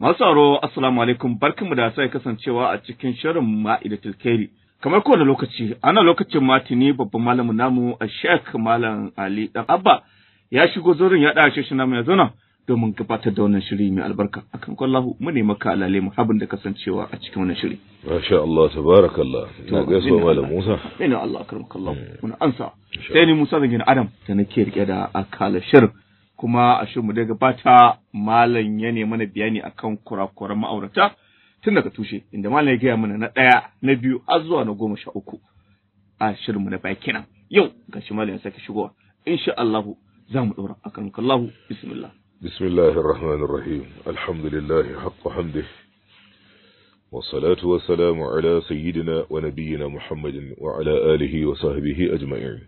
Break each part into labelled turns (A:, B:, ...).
A: Masu tsaro assalamu alaikum barkanmu da sai kasancewa a cikin shirin ma'idatul kairi. Kamar kowane lokaci, ana lokacin matini babban malamin namu a Sheikh Malam Ali Dan Abba ya shigo zurin ya dace shi namu ya zauna domin gabatar da wannan shiri mai albarka. Akan kwallahu mu ne maka alale muhabbin da kasancewa a cikin wannan shiri.
B: Masha Allah tabarakallah. Ina gaisuwa Malam Musa.
A: Ina Allah karmakallahu. Hmm. Muna ansa. Sai ni Musa da Adam da nake riƙe da akala shirin. kuma a shirinmu da gabata malam ya nemi mana bayani akan kurakuran ma'aurata tun daga tushe inda malam ya gaya mana na ɗaya na biyu har zuwa na goma sha uku a shirinmu na baki nan yau ga shi malam ya sake shigowa insha Allahu za mu ɗora akan kallahu bismillah
B: بسم الله Wa الرحيم wa لله حق حمده والصلاة والسلام على سيدنا ونبينا محمد وعلى آله وصحبه أجمعين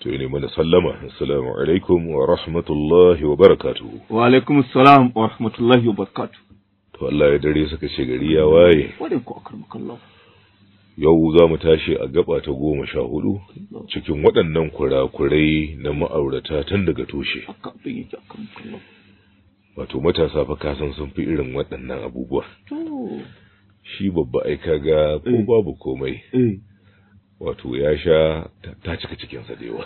B: to ne mana sallama assalamu alaikum wa rahmatullahi wa barakatu wa alaikum assalam wa rahmatullahi wa barakatu to Allah ya dare suka ce gari ya waye yau za mu tashi a gaba ta goma sha hudu cikin waɗannan kurakurai na ma'aurata tun daga tushe wato matasa fa kasan sun fi irin waɗannan abubuwa shi babba ai ga, ko eh. babu komai eh. wato ya sha ta cika cikinsa da yawa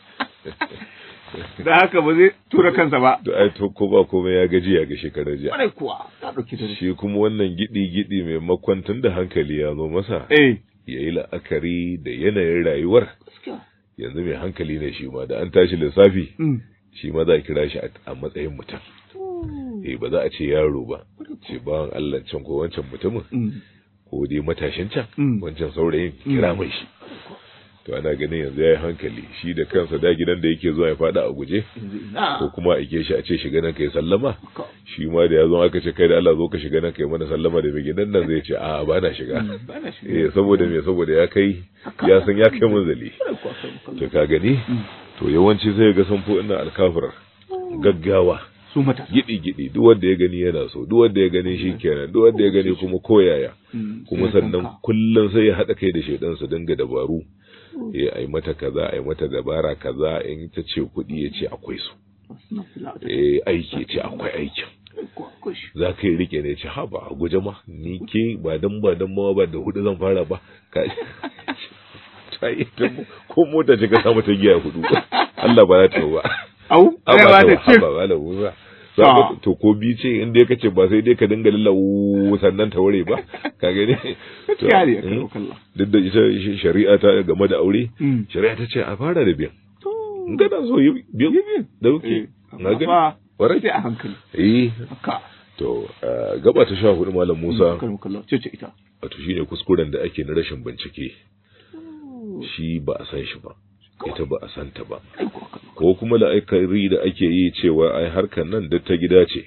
B: da haka ba zai tura kansa ba to ai to ko ba komai ya gaji ya ga shekarar jiya kwarai kuwa ta dauki ta shi kuma wannan gidi gidi mai makwantun da hankali ya zo masa eh yayi la'akari da yanayin rayuwar yanzu mai hankali ne shi ma da an tashi lissafi mm. shi ma za a kira shi a matsayin mutum eh ba za a ce yaro ba ce bawan Allah can ko wancan mutumin mm. ko dai matashin can mm. wancan saurayin kira mm. mai shi to ana ganin yanzu ya yi hankali shi da kansa da gidan da yake zuwa ya fada a guje ko kuma aike shi a ce shiga nan kai sallama shi ma da ya zo aka ce kai da Allah zo ka shiga nan kai mana sallama da mai gidan nan zai ce a mm, ba
C: na shiga eh saboda
B: me saboda ya kai ya san ya kai munzali to ka gani to yawanci sai ga san fo ina alkafir gaggawa su matasa gidi gidi duk wanda ya gani yana so duk wanda ya gani mm. shi kenan duk wanda ya gani kuma koyaya
C: mm, kuma sannan
B: kullum sai ya haɗa kai da shaidan su dinga dabaru ya mm. eh, ai mata kaza ai mata dabara kaza in ta ce kuɗi ya ce akwai su eh aiki ce akwai aikin za ka yi rike ne ce ha ba a guje ma ni ke ba dan ba dan ma ba da hudu zan fara ba ko mota ce ka samu ta giya hudu Allah ba za ta ba au ai ba ta ce ah. to ko bi ce in dai kace ba sai dai ka dinga lallawo sannan ta ware ba ka gani to hmm? duk da ita shari'a ta game da aure hmm. shari'a ta ce a fara da biyan in ga so yi biyan da kuke eh, na gani warai sai a hankali eh to gaba ta sha hudu malam Musa hmm, ce ita wato shine kuskuren da ake na rashin bincike shi ba a san shi ba ita ba a santa ba ko kuma la'akari da ake yi cewa ai harkar nan da ta gida ce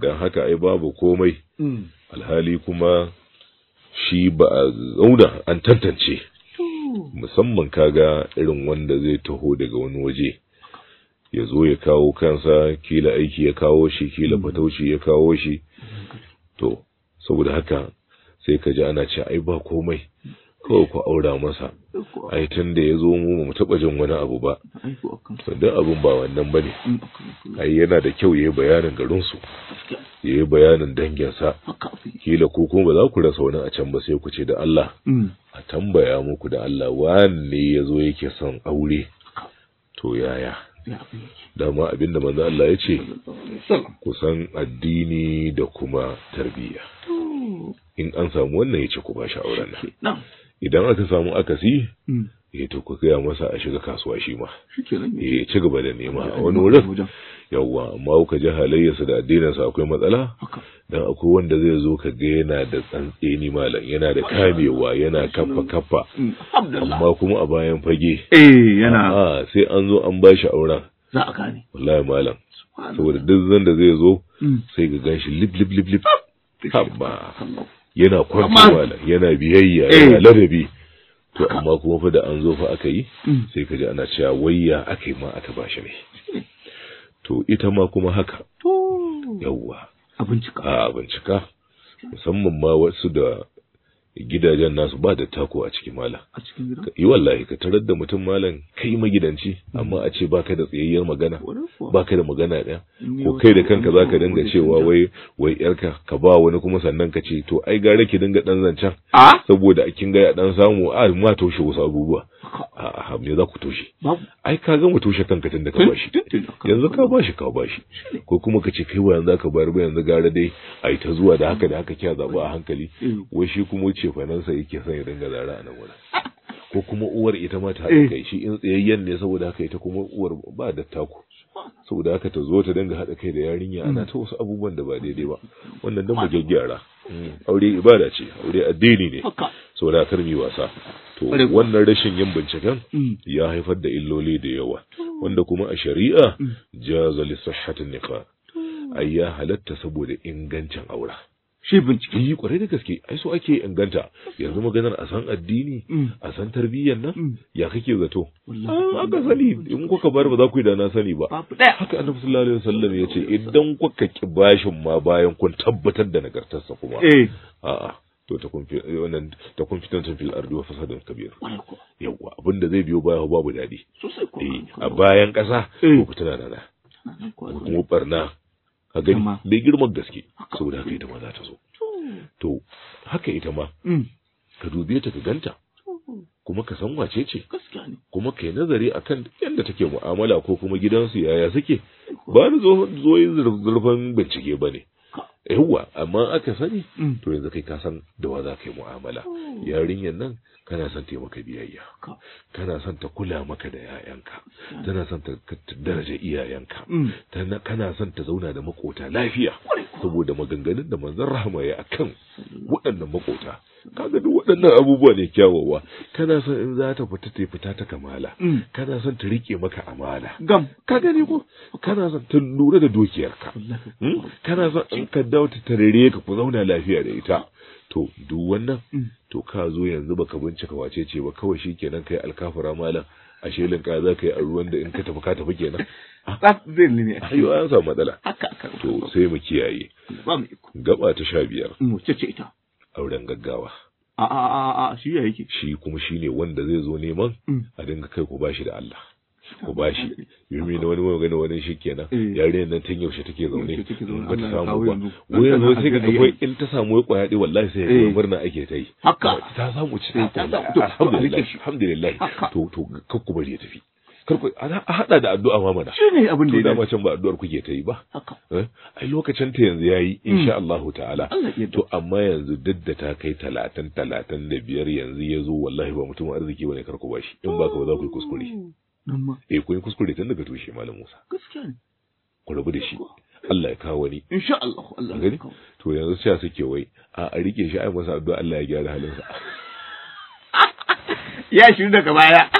B: don haka ai babu komai mm. alhali kuma shi ba a zauna an tantance musamman kaga irin wanda zai taho daga wani waje ya zo ya kawo kansa kila aiki ya kawo shi kila mm. fataushi ya kawo shi mm. to saboda haka sai ka ji ana ce ai ba komai kawai ku aura masa ai tun da ya zo mu mu taɓa jin wani abu ba to duk abin ba wannan ba bane ai yana da kyau yayi bayanin garin su yayi bayanin danginsa kila ko kuma ba za ku rasa wani a can ba sai ku ce da Allah mm. a tambaya muku da Allah wanne ya zo yake son aure to yaya dama da manzo Allah ya ce kusan addini da kuma tarbiyya in an samu wannan ya ce ku ba shi auren nan idan aka samu akasi hmm. eh to ku kaya masa a shiga kasuwa shi ma eh ci gaba da nema a wani wurin yawwa amma ka ji halayyarsa da addininsa akwai matsala dan akwai wanda zai zo ka ga yana da tsantseni malam yana da kamewa yana kaffa kaffa
C: hmm. amma
B: kuma a bayan fage eh yana sai an zo an bashi auren za a gane wallahi malam saboda duk zan zai zo hmm. sai ga ganshi lip lip lip lip ah! yana kwantarwa yana biyayya eh. yana ladabi to amma kuma fa da an zo fa aka yi mm. sai ka ji ana cewa wayya aka yi ma aka ba shi ne to ita ma kuma haka yawwa a bincika musamman ma wasu da gidajen nasu ba da tako a cikin malam a cikin gida yi wallahi ka tarar da mutum malam kai magidanci amma mm. a ce baka da tsayayyar magana Ba baka da magana ɗaya ko kai da kanka zaka dinga cewa wai wai yarka ka ba wani kuma sannan ka ce to ai gara ki dinga ɗan zancen ah? saboda a kin ga ya samu a ma taushe wasu abubuwa a me za ku toshe ai ka gama toshe kanka tun da ka bashi yanzu ka bashi ka bashi ko kuma ka ce kai wa yanzu aka bayar ba yanzu gara dai a ta zuwa da haka da haka kya zabu a hankali mm. wai shi kuma ce fanansa yake son ya dinga zara a nan ko kuma uwar ita ma ta eh. kai shi in tsayayyen ne saboda haka ita kuma uwar ba da taku saboda haka ta zo ta dinga haɗa kai da yarinya ana ta wasu abubuwan da ba daidai ba wannan dan mu gyaggyara mm. aure ibada ce aure addini ne saboda kar wasa to wannan rashin yin binciken mm. ya haifar da illoli da yawa wanda kuma a shari'a mm. jaza li sihhatin nikah ai ya halatta saboda ingancin aura shi bincike yi kwarai da gaske ai so ake inganta yanzu maganar a san addini mm. a san tarbiyyar nan mm. ya kake zato ah, aka sani in kuka bar ba za ku yi da na sani ba haka annabi sallallahu alaihi wasallam ya ce idan kuka ki bashin ma bayan kun tabbatar da nagartarsa kuma eh. a'a to ta kun wannan ta kun fitan tun fil ardi wa fasadun kabir yawa abinda zai biyo baya babu dadi sosai ko eh, a bayan kasa eh. ko da nana kuma barna a gani mai girman gaske saboda haka ita ma za ta zo to haka ita ma mm. ka dube ta ka ganta kuma ka san wace ce kuma kai nazari akan yadda take mu'amala ko kuma gidansu yaya suke ba ni zo zurfan bincike ba ne yawwa amma aka sani mm. to yanzu kai ka san da wa za ka yi mu'amala oh. yarinyar nan kana son ta maka biyayya kana son ta kula maka da 'ya'yanka tana son ta daraja iyayenka mm. kana son ta zauna da makota lafiya saboda maganganun da manzon rahama ya akan waɗannan makota kaga duk waɗannan abubuwa ne kyawawa kana son in za ta fita ta fita ta kamala mm. kana son ta rike maka amana gam ka gani ko kana son ta lura da dokiyarka hmm? kana son in ka dawo ta tarere ka ku zauna lafiya da ita to duk wannan mm. to ka zo yanzu baka bincika wace ce ba kawai shikenan kai alkafura malam a shelin ka za ka yi a ruwan da in ka tafi ka tafi kenan zai ne ayo an samu matsala to sai mu kiyaye gaba ta sha biyar ce ita auren gaggawa a a a shi ya yake shi kuma shine wanda zai zo neman mm. a dinga kai ku bashi da Allah ku shi yumi na wani wani wani shi kenan eh. yare nan tun yaushe take zaune ba ta samu ba wani zo sai ka kawai in ta samu ya kwaya dai wallahi sai ya eh. murna ake ta yi haka ta samu ci eh, alhamdulillah alhamdulillah to to kakku bari ya tafi karku a hada da addu'a ma mana shine abin da ya dama can ba addu'ar kuke ta yi ba ai lokacin ta yanzu yayi hmm. insha Allah ta'ala to amma yanzu duk da ta kai 30 35 yanzu yazo wallahi ba mutum arziki bane karku shi in ka ba za ku yi kuskure oh. eh ko kuskure tun daga tushe malam Musa gaskiya ne ku rabu da shi Allah ya kawo wani insha Allah Allah ya kawo to yanzu sai suke wai a a rike shi ai masa addu'a Allah ya gyara halinsa
A: ya shiru daga baya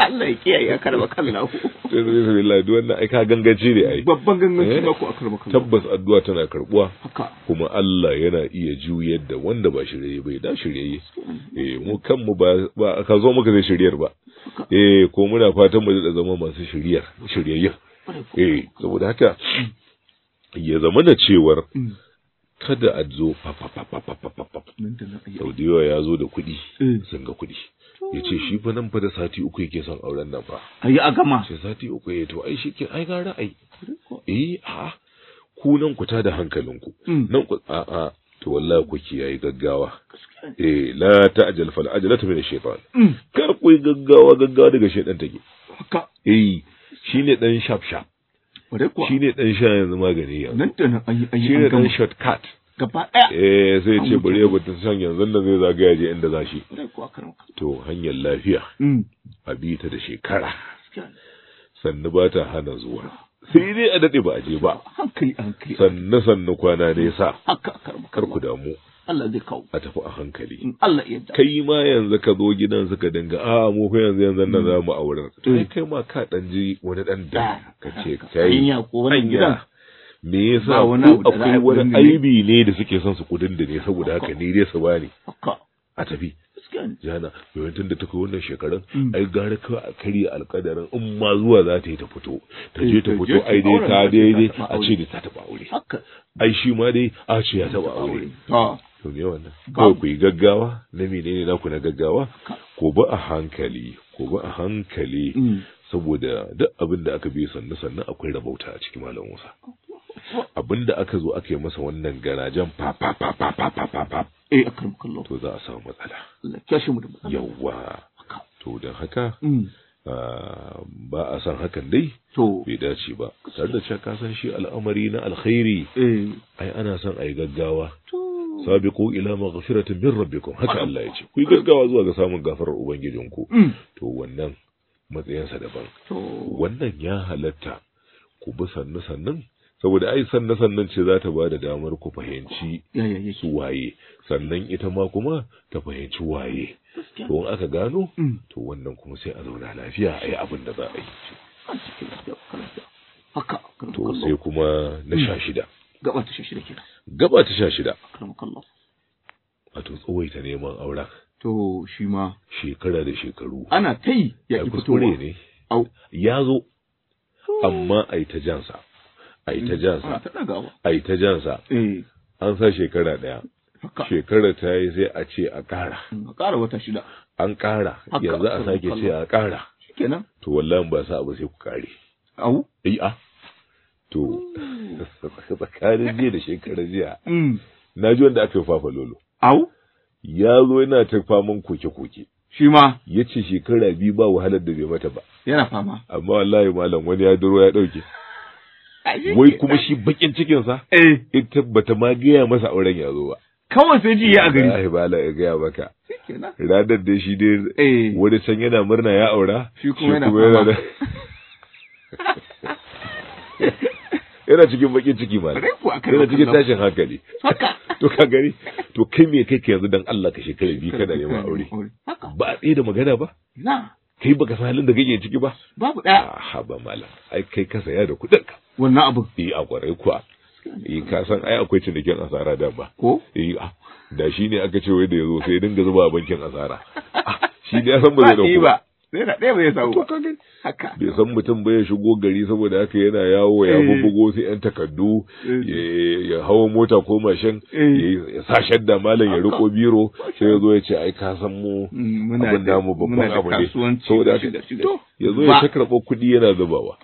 A: Allah ya kiyaye ya karba kallahu
B: to yanzu billahi duk wannan ai ka ganganci ne ai babban gangaci eh? ba ku a karba kallahu tabbas addu'a tana karbuwa haka kuma Allah yana iya juyar da wanda ba shirye bai da shirye eh mu kanmu ba ka zo muka zai shiryar ba eh ko muna fatan mu da zama masu shiryar shiryayyen eh saboda haka ya zama da cewar mm. kada a zo yawa ya zo da kuɗi eh. sun ga kuɗi ya ce shi fa nan fa da sati uku yake son auren nan fa ayi a gama sai sati uku ya eh, to ai shike ai ga ra'ayi eh a ku nan ku ta da hankalinku mm. nan ku a a to wallahi ku kiyaye gaggawa eh la ta'jal fal ajlatu min ash-shaytan mm. kar ku yi gaggawa gaggawa daga shaytan take haka eh shine dan sharp sharp shine dan sha yanzu magani ya nan da nan ayi ayi shine dan shortcut gaba daya eh sai ce bari ya bata san yanzu nan zai zaga yaje inda zashi to hanyar lafiya mm. a bi ta da shekara sannu ba ta hana zuwa sai dai a daɗe ba a je ba sannu sannu kwana nesa kar ku damu Allah zai kawo a tafi a hankali Allah ya kai ma yanzu ka zo gidan suka dinga a ah, mu ko yanzu yanzu nan mm. za mu auren to mm. kai ma ka dan ji wani dan da ah, ka ce kai ya ko wannan gidan me yasa akwai wani aibi ne da suke son su kudin da ne saboda haka ne dai su bani a tafi jana domin tun da ta kai wannan shekarun hmm. ai gara kawai a karya alkadarin in ma zuwa za ta yi ta fito ta je ta eh, fito ai dai ta daidai a ce da ta taba aure ai shi ma dai a ce ya taba aure ah. to me wannan kawai ku yi gaggawa na menene naku na gaggawa ko ba a hankali ko ba a hankali hmm. saboda duk abin da aka biyo sannu sannu akwai rabauta a cikin malam Musa abin aka zo aka yi masa wannan garajen pa pa pa pa pa pa pa eh akram kallo to za a samu matsala Allah shi mu da matsala yawa to dan haka mm. ah, ba a san hakan dai to bai dace ba tare da cewa ka san shi al'amari na alkhairi eh. ai ana son ai gaggawa sabiqu ila maghfiratin min rabbikum haka Allah ya ce ku gaggawa zuwa ga samun gafarar ubangijinku mm. to wannan matsayinsa daban wannan ya halatta ku bi sannu sannan saboda ai sannan sannan ce za ta ba da damar ku fahimci su waye sannan ita ma kuma ta fahimci waye to in aka gano mm. to wannan kuma sai a zauna lafiya a yi abin da za a yi to sai kuma na sha shida mm. gaba ta sha shida kenan gaba ta sha shida wato tsawaita neman auren to shi ma shekara da shekaru
A: ana ta yi
B: ya ki ne ya zo amma a yi ta jansa a yi ta jansa
A: ah,
B: a yi ta jansa eh. an sa shekara ɗaya shekara ta yi sai a ce a ƙara a ƙara wata shida an ƙara yanzu a sake ce a ƙara kenan to wallahi ba sa abu sai ku ƙare au eh a ah. to tsakanin jiya da shekarar jiya mm. na ji wanda aka yi fafa lolo au ya zo yana ta faman koke-koke shi ma ya ce shekara biyu ba wahalar da bai mata ba yana fama amma wallahi malam wani ya duro ya ɗauke wai kuma shi bakin cikinsa ita eh. bata ma gaya masa auren ya zo ba kawai sai ji ya a gari ai bala ya gaya maka ranar da shi dai eh. wani can yana murna ya aura shi kuma yana da yana cikin bakin ciki ma
C: yana cikin tashin hankali to ka
B: gari to kai me kake yanzu dan Allah ka shekara biyu kana neman aure ba a tsaye da magana ba Na. kai baka san halin da kake ciki ba
C: babu ɗaya.
B: ha ba malam ai kai ka saya da kuɗin ka wannan abu yi eh, a kwarai kuwa yi eh, ka ai akwai cinikin asara da ba ko eh, a ah, da shi ne aka ce wai da zo sai dinga zuba bankin asara ah, shi ne ya san ba zai ba
A: na ɗaya bai samu ba haka bai
B: san mutum ba ya shigo gari saboda haka yana yawo ya eh. bubugo sai yan takardu eh. ya hawa mota ko mashin eh. ya sa shadda malam ya riko biro sai ya zo ya ce ai ka san mu abin namu babban abu ne saboda ya zo ya ta karɓar kuɗi yana zubawa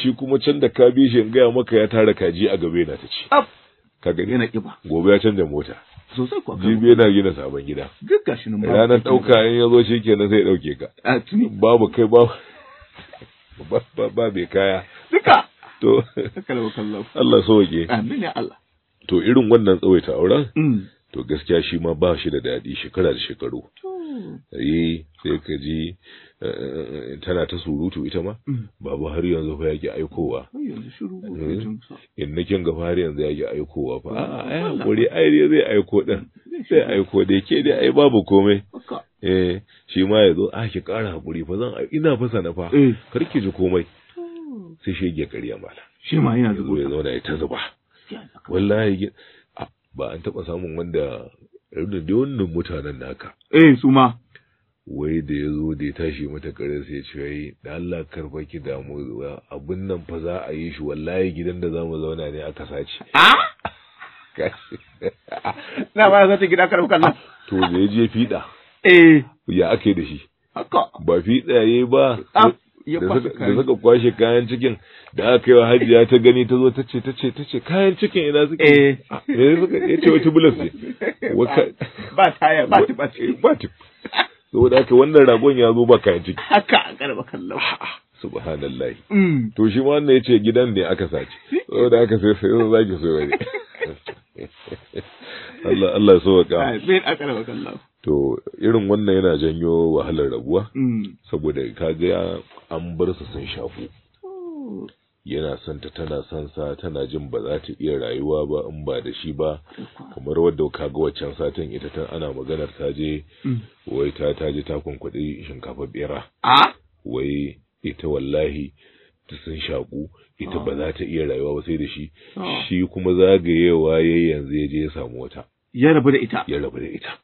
B: shi kuma can da ka bi shi in gaya maka ya tara kaji a gabe na ta ci ka gani na ƙiba gobe ya canza mota sosai kuwa jibi yana gina sabon gida duk gashi nan ranar ɗauka in yazo zo shi kenan sai dauke ɗauke ka a tuni babu kai babu ba bai kaya duka to Allah soke amin ya Allah to irin wannan tsawaita auren mm. to gaskiya shi ma ba shi da daɗi shekara da shekaru eh sai ka ji tana ta surutu ita ma mm. babu har yanzu fa yake aikowa eh. in na kin gaba har yanzu yake aikowa fa a ai hakuri ai zai aiko din sai aiko da ke dai ai babu komai eh shi ma yazo a ah, ki kara hakuri fa zan ina fa sana eh. fa kar ji komai sai shi ya kariya mala shi ma yana zuwa ya zauna ya ta zuba wallahi ba an taba samun wanda irin da wannan mutanen naka
A: eh su ma
B: wai da ya zo da ya tashi mata kare sai ya ce wai da Allah karfa ki damu abin nan fa za a yi shi wallahi gidan da zamu zauna ne aka sace na ba za ta gida karfa kallon to da ya je fiɗa eh ya ake da shi ba fiɗa yayi ba ah, da suka kwashe kayan cikin da aka yi wa hajiya ta gani ta zo ta ce ta ce ta ce kayan cikin ina suke eh, eh ya ce wata bulas ne
A: ba taya ba ba ta ba
B: ta saboda haka wannan ragon ya zo baka ji
A: haka a karba kallon
B: subhanallah mm. to shi ma wannan yace gidan ne aka sace saboda haka sai sai zaki so bane Allah Allah ya sauka amin
C: a karba kallon
B: to irin wannan yana janyo wahalar rabuwa mm. saboda kaga an bar su sun shafu
C: oh.
B: yana son ta tana son sa tana jin ba za ta iya rayuwa ba in ba da shi ba kamar wadda ka ga waccan satin ita ta ana maganar ta je mm. wai ta ta je ta kunkuɗi shinkafa bera wai ita wallahi ta sun shaku ita ba za ta iya rayuwa ba sai da shi oh. shi kuma zagayewa yayi yanzu ya je ya samu wata ya rabu da ita ya rabu da ita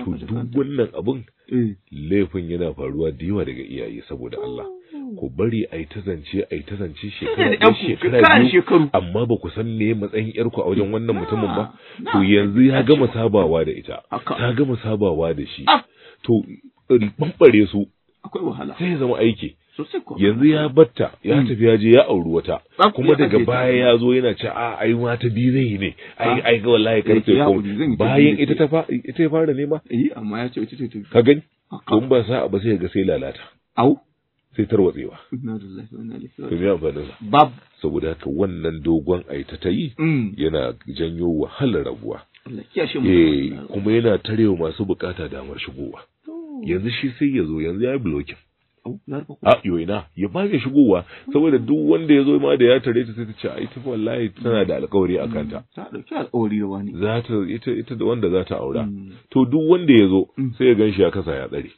B: to duk wannan abun eh. laifin yana faruwa da yawa daga iyaye saboda Allah oh. ku bari a yi ta zance a yi ta zance shekara biyu amma ba ku san me matsayin yarku a wajen wannan mutumin ba to yanzu ya gama sabawa da ita ta gama sabawa da shi ah. to bambare su akwai wahala sai ya zama aiki yanzu ya batta ya hmm. tafi ya je ya auri wata kuma daga baya ya zo yana ce a ai mata biyu zai yi ne ai ah. ai ga wallahi ta eh, ko bayan ita ta ita ya fara nema eh amma ya ce ita ce ka gani kun ba sa ba sai ga sai lalata au sai tarwatsewa. Bab. Saboda haka wannan dogon aita ta yi mm. yana janyo wahalar rabuwa. Eh kuma yana tarewa masu bukata damar shigowa. Yanzu shi sai ya zo yanzu ya yi blokin. A ah, yo ina ya bage shigowa saboda duk wanda ya zo ma da ya tare ta sai ta ce ai ta wallahi tana da alkawari a kanta. Mm. Ta dauki da wani. Za ta ita ita da wanda za ta aura. Mm. To duk wanda ya zo sai ya ganshi ya kasa ya tsare.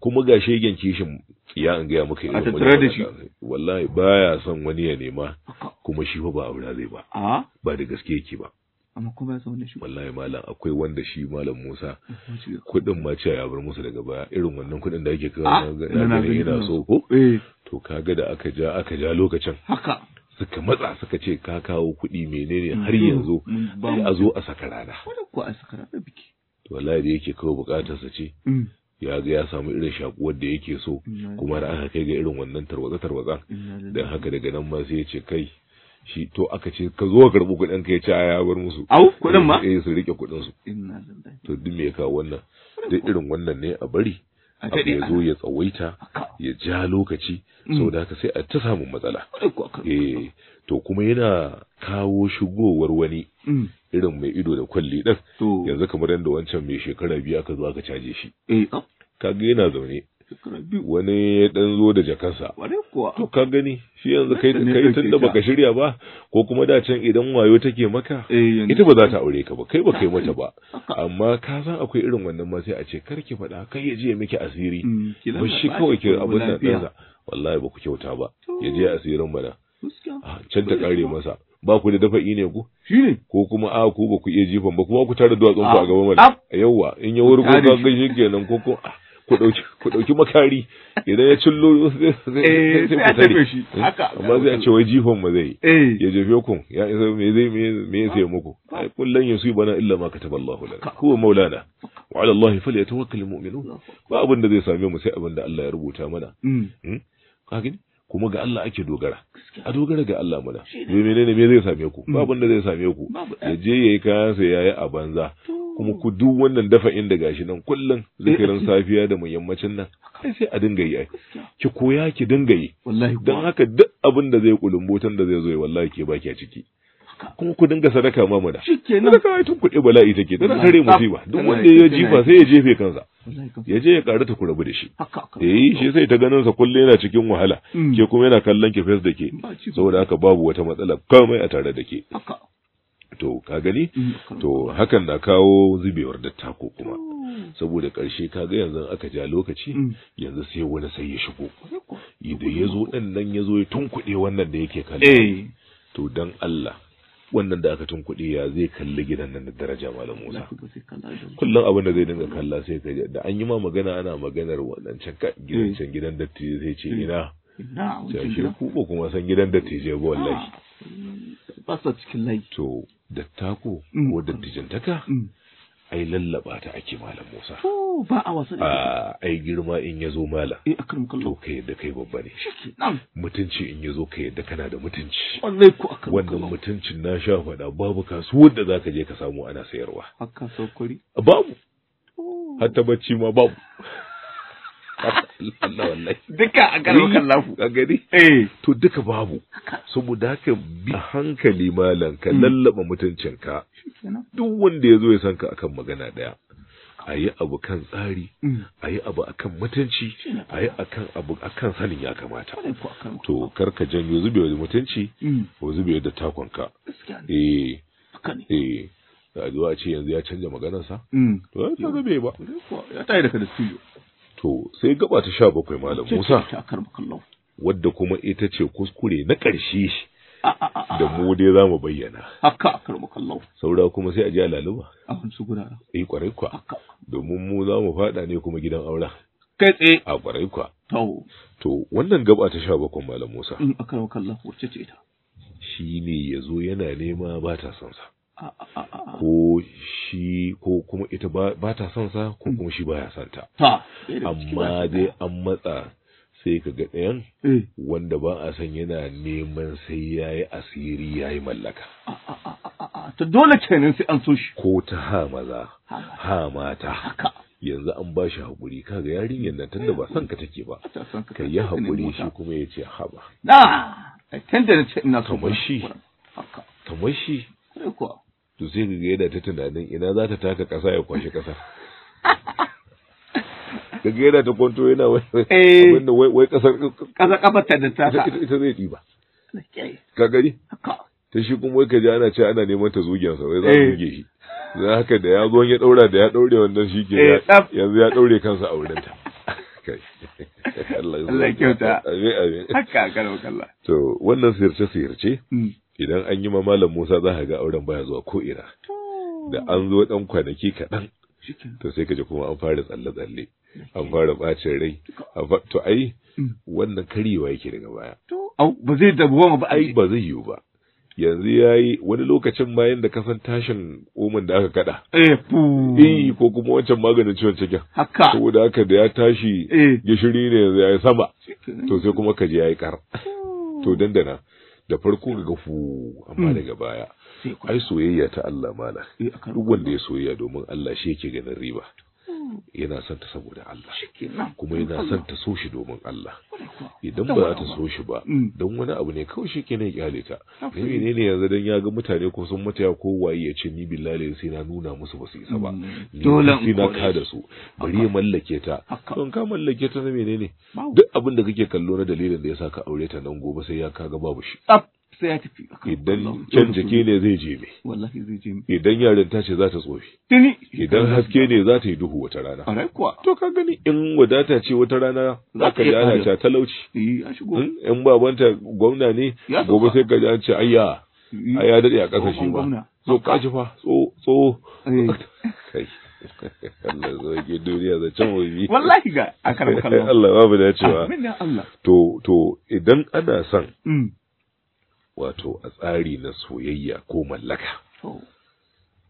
B: kuma ga shegen kishin ya an gaya muka irin wani da shi wallahi baya son wani ya nema kuma shi ba aure zai ba ba da gaske yake ba amma kuma ya san shi wallahi malam akwai wanda shi malam Musa kudin ma cewa ya bar musu daga baya irin wannan kudin da yake kawo na ga ina so ko eh. to kaga da aka ja aka ja lokacin haka suka matsa suka ce ka kawo kuɗi menene har yanzu a zo a saka rana ko a saka rana biki wallahi da yake kawo bukatarsa ce mm. ya ga ya samu irin shakuwar da yake so kuma da aka kai ga irin wannan tarwatsa tarwatsa dan haka daga nan ma sai ya ce kai shi to aka ce ka zo ka karɓi kuɗin ka ya ce ya bar musu au kuɗin ma eh su rike kuɗin su to duk me ka wannan duk irin wannan ne a bari abu ya zo ya tsawaita ya ja lokaci mm. sau da haka sai a ta samun matsala eh to kuma yana kawo shigowar wani mm. irin mai ido da kwalli din yanzu kamar yadda wancan mai shekara biyu aka zo aka caje shi eh, kaga yana zaune wani ya dan zo da jakansa to ka gani shi yanzu kai kai tun da baka shirya ba ko kuma da can idan wayo take maka eh, ita ba za ta aure ka ba kai ba kai mata ba amma ka san akwai irin wannan ma sai a ce kar ki faɗa kai ya je miki asiri mm, ba shi kawai ki abin nan ɗansa wallahi ba ku kyauta ba yaje je asirin bana ah, can ta kare masa ba ku da dafa ne ku shine ko kuma a ah, ku ba ku iya jifan ba kuma ku tare duwatsun ku a ah. gaban mana yawwa in ya wurgo ka ga shi kenan ko ko ku dauki makari idan ya cillo sai eh, ku tare eh, amma zai ce wai jihon ma zai eh. ya jefe ku ya isa me zai me ya sayi muku kullun bana illa ma Allah lana huwa maulana wa ala allahi falyatawakkalul mu'minun ba abin da zai same mu sai abin da Allah ya rubuta mana mm. hmm? ka gani kuma ga Allah ake dogara a dogara ga Allah muna me menene me zai same ku ba mm. abin da zai same ku ya je yayi kayan sa yayi a banza kuma ku duk wannan dafa inda gashi nan kullum zikirin safiya da mu yammacin nan kai sai a dinga yi ki koya ki dinga yi dan haka duk abin da zai kulumbotan da zai zo wallahi ke baki a ciki kuma ku dinga sadaka ma mu da
C: sadaka
B: ai tun kuɗi bala'i take tana tare musiba duk wanda ya jifa sai ya jefe kansa ya je ya karu ta kurabu da shi eh shi sai ta ganin sa kullum yana cikin wahala mm. ke kuma yana kallon ki face da ke saboda haka babu wata matsala kamai a tare da ke to ka gani mm. to hakan na kawo zubewar ko kuma saboda ƙarshe kaga yanzu aka ja lokaci mm. yanzu sai wani sai ya shigo idan ya zo ɗan nan ya zo ya tunkuɗe wannan da yake kalli eh. to dan Allah wannan da aka tunkuɗe ya zai kalli gidan nan da daraja malam Musa kullum abin da zai dinga kalla sai ka da an yi ma magana ana maganar wannan eh. can gidan gidan dattijo zai ce eh. ina sai ku kuma san gidan dattijo ba wallahi ah. ba sa cikin layi to dattako mm. ko dattijantaka mm. ai lallaba ta ake malam Musa.
C: ba a wasu da
B: ai girma in ya zo mala. Eh akram kallo. To ka da kai babba ne. Mutunci in ya zo ka yadda kana da mutunci. Wallahi ku akram Wannan mutuncin na sha faɗa babu kasuwar da zaka je ka samu ana sayarwa. hakan sokori. Babu. Oh. Hatta bacci ma babu. Allah wallahi
A: duka a garin
B: kallahu a gari eh to duka babu saboda haka bi ah. hankali malam ka hmm. lallaba mutuncinka duk wanda ya zo ya san ka akan magana ɗaya, a yi abu kan tsari hmm. a yi abu akan mutunci a yi akan abu akan sanin ya kamata to ka janyo zubewa da mutunci hmm. ko zube da takonka eh eh da ce yanzu ya canja maganarsa to ya zube ba ya tayi daga da studio To sai gaba ta sha bakwai malam Musa. Wadda kuma ita ce kuskure na ƙarshe da mu dai za mu bayyana.
A: Haka a
B: Saura kuma sai a ji alaluba. A su gudana. Eh kwarai kwa. Domin mu za mu faɗa ne kuma gidan aura. Kai tsaye. A kwarai kwa. To wannan gaba ta sha bakwai malam Musa. In a wacce ce ita. Shi ne ya zo yana nema ba ta son sa. ko shi ko kuma ita ba ta son sa ko kuma shi baya son ta amma dai an matsa sai ka ga ɗayan eh. wanda ba a san yana neman sai ya yi asiri ya yi mallaka ta
A: dole kenan sai an so shi ko ta ha
B: maza ha mata yanzu an ba shi haƙuri kaga yarinyar nan tunda ba son ka take ba ka yi haƙuri shi kuma ya ce ba
A: na
B: tunda na ce ina so kamar shi kamar shi to sai ga yana ta tunanin ina za ta taka ƙasa ya kwashe ƙasa kaga yana ta kwanto yana wai wai eh. ƙasar ƙasar kafar ta da ta ita zai ɗiba ka gani ta shi kuma wai ka ji ana ce ana neman ta sa, wai za ta eh. zuge shi za haka da ya zo ya ɗaura da ya ɗaure wannan shi ke eh, yanzu ya ɗaure kansa a ta Allah ya kyauta. Amin amin. Haka karo kalla. To wannan sirce sirce. Hmm. idan an yi ma malam Musa za ka ga auren baya zuwa ko ina da an zo dan kwanaki kaɗan to sai ka ji kuma an fara tsalle-tsalle an fara bacin rai to ai mm. wannan karyewa yake daga baya ba zai dabuwa ba ai ba zai yiwu ba yanzu ya yi wani lokacin bayan da san tashin omen da aka kada.
C: Eh, eh,
B: ko kuma wancan maganin ciwon cikin. Haka. Saboda haka da ya tashi eh. gishiri ne yanzu ya yi sama. To sai kuma ka je ya yi kar. To dandana. da farko ga gafu amma hmm. daga baya ai soyayya ta Allah mala eh, duk wanda ya soyayya domin Allah shi yake ganin riba yana son ta saboda Allah kuma yana son ta so shi domin Allah idan ba za ta so shi ba mm. don wani abu ne kawai shi ke ne kyale ta ne ne yanzu dan ya ga mutane ko sun mata ko waye ya ce ni billahi sai na nuna musu ba su isa ba mm. dole sai na ka da su bari ya mallake ta don ka mallake ta na menene duk abin da kake kallo na dalilin da ya sa ka aure ta nan gobe sai ya kaga babu shi sai ya tafi idan can jiki ne zai je me wallahi zai je idan yarin ta ce za ta tsofi tuni idan haske ne za ta yi duhu wata rana arai kuwa to ka gani in wadata ce wata rana za ka ji ana ta talauci eh an shigo hmm? in babanta gwamna ne gobe sai ka ji an ce ayya eh, ai ya dade a ƙasa shi ba so ka ji fa so eh. kai Allah zai ke duniya da can wani wallahi ga a karan kallon Allah babu dacewa to to idan ana son hmm. wato a tsari na soyayya ko mallaka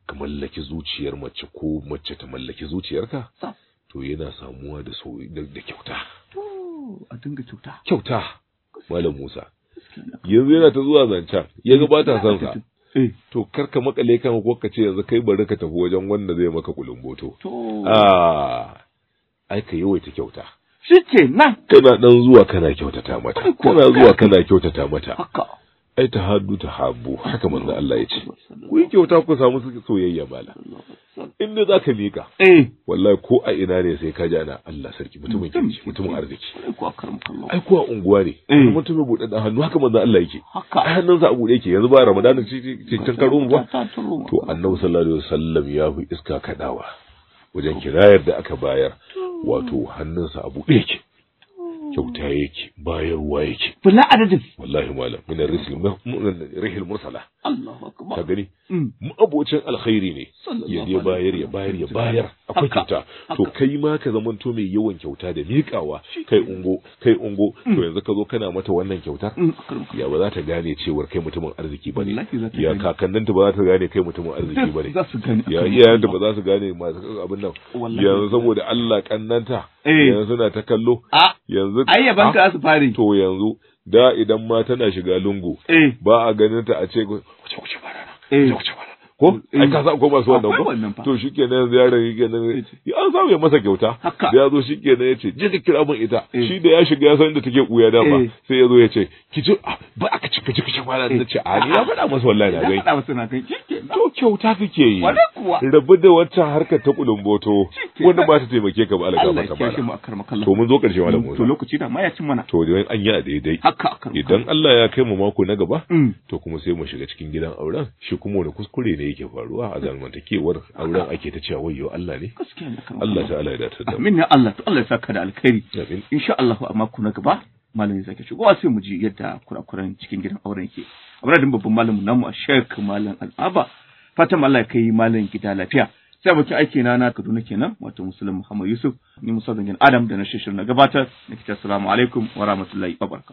B: ka mallaki zuciyar mace ko mace ta mallaki zuciyarka to yana samuwa da da kyauta a dinga kyauta kyauta malam Musa yanzu yana ta zuwa zancen. ya ga ba ta son sa eh. to kar ka makale kan ko ka ce yanzu kai bari ka tafi wajen wanda zai maka kulumboto a ah, ai ka yawaita kyauta nan. kana dan zuwa kana kyautata mata kana zuwa kana kyautata mata haka ai ta hadu ta habu haka manzo Allah ya ce ku yi kyauta ku samu soyayya bala inda za ka miƙa eh. wallahi ko a ina ne sai ka ji Allah sarki mutumin kirki mutumin arziki ai ko unguwa ne eh. mutumin buɗe da hannu haka manzo Allah yake ai sa a buɗe yake yanzu ba Ramadan ce can karo mu ba to Annabi sallallahu alaihi wasallam ya fi iska kadawa wajen kirayar da aka bayar wato hannunsa a buɗe yake kyauta yake bayarwa yake bila adadin wallahi malam min ar mun rihil mursala
C: Allahu akbar ka
B: gani mm. Mu abocin alkhairi ne ya je bayar ya bayar ya bayar akwai kyauta to kai ma ka to mai yawan kyauta da miƙawa kai ungo kai ungo to mm. yanzu ka zo kana mata wannan kyautar mm, ya ba za ta gane cewar kai mutumin arziki bane ya kakanninta ba za ta gane kai mutumin arziki bane ya iyayenta ba za su gane masu abin nan yanzu saboda Allah kannanta eh. yanzu suna ta kallo ah. yanzu yanzu ai yaban ta su fare to yanzu da idan ma tana shiga lungu ba a ganin ta a ce ku ce ku ce barana ku ce barana ko eh, ai ka san ko ba su wannan ko to shikenan yaron shikenan an samu ya masa kyauta da ya zo shikenan ya ce je ka kira mun ita eh. shi da ya shiga ya san da take kuya dama eh. sai ya zo ya ce ki ji ah, ba aka ci cika shi ba na ce a ni na faɗa masa wallahi na gai to kyauta kake yi rabu da wata harkar ta kulumboto wanda ba ta taimake ka ba alaka maka ba to mun zo karshe malam mm, to lokaci da ma ya cin mana to dai an yi a daidai idan Allah ya kai mu mako na gaba mm. to kuma sai mu shiga cikin gidan auren shi kuma wani kuskure ne yake faruwa a zamantakewar auren ake ta cewa wayo Allah ne Allah ta Allah ya dace da amin
A: ya Allah to Allah ya saka da alkhairi insha Allah a mako na gaba malami zaka shigo sai mu ji yadda kurakuran cikin gidan auren yake abradin babban malamin namu a Sheikh Malam Al'aba fatan Allah ya kai malamin gida lafiya sai abokin aiki na na Kaduna kenan wato Musulun Muhammad Yusuf ni Musa Adam da na shishir na gabatar nake ta assalamu alaikum wa rahmatullahi wa barakatuh